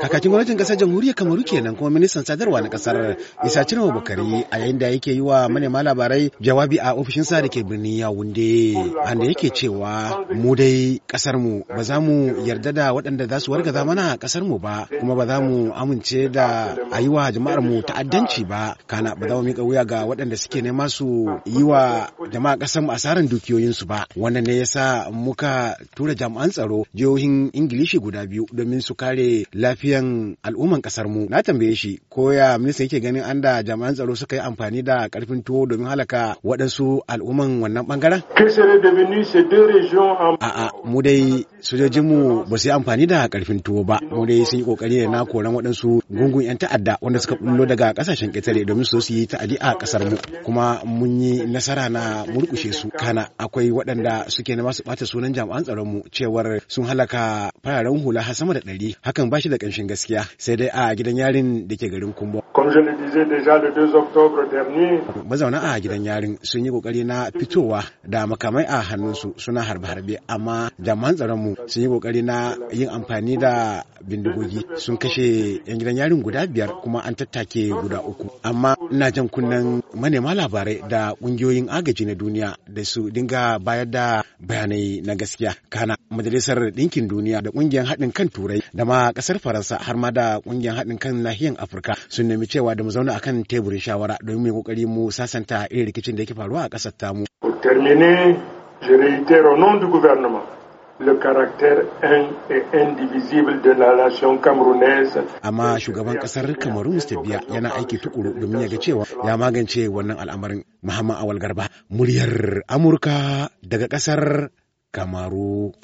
Kakakin gwamnatin kasar jamhuriyar Kamaru kenan kuma ministan sadarwa na kasar Isa Cinawa Bukari a yayin da yake yi wa manema labarai jawabi a sa da ke birnin Yawunde wanda yake cewa mu dai kasar mu ba za mu yarda da waɗanda za su zamana mana kasar mu ba kuma ba za mu amince da a yi wa jama'ar mu ta'addanci ba kana ba za mu miƙa wuya ga waɗanda suke nema su yi wa jama'a kasar mu asaran su ba wannan ne yasa muka tura jami'an tsaro jihohin ingilishi guda biyu domin su kare lafiyan al'umman kasar mu na tambaye shi ko ya minista yake ganin an da jami'an tsaro suka yi amfani da karfin tuwo domin halaka waɗansu al'umman wannan bangaren a'a mu dai sojojinmu ba su yi amfani da karfin tuwo ba mu dai sun yi kokari da na koran waɗansu gungun 'yan ta'adda wanda suka bullo daga kasashen ƙetare domin su yi ta'adi a ƙasar mu kuma mun yi nasara na murkushe su kana akwai waɗanda suke na masu ɓata sunan jami'an tsaron mu cewar sun halaka fararen hula har sama da ɗari hakan ba shi da ƙanshin gaskiya sai dai a gidan yarin da ke garin kumbo. mazauna a gidan yarin sun yi kokari na fitowa da makamai a hannunsu suna harbe-harbe amma jami'an tsaron mu sun yi kokari na yin amfani da bindigogi sun kashe yan gidan yarin guda biyar kuma an tattake guda uku amma ina jan kunnen manema labarai da kungiyoyin agaji na duniya da su dinga bayar da bayanai na gaskiya kana majalisar ɗinkin duniya da kungiyar haɗin kan turai da ma ƙasar faransa har ma da kungiyar haɗin kan nahiyar afirka sun nemi cewa da mu zauna akan teburin shawara don mu kokari mu sasanta irin rikicin da yake faruwa a ƙasar tamu. je réitère au nom du gouvernement le caractère un et indivisible de la nation camerounaise. Amma shugaban kasar Kamaru Mr. Biya yana aiki tukuru domin ya ga cewa ya magance wannan al'amarin Muhammad Awal Garba muryar Amurka daga kasar Kamaru.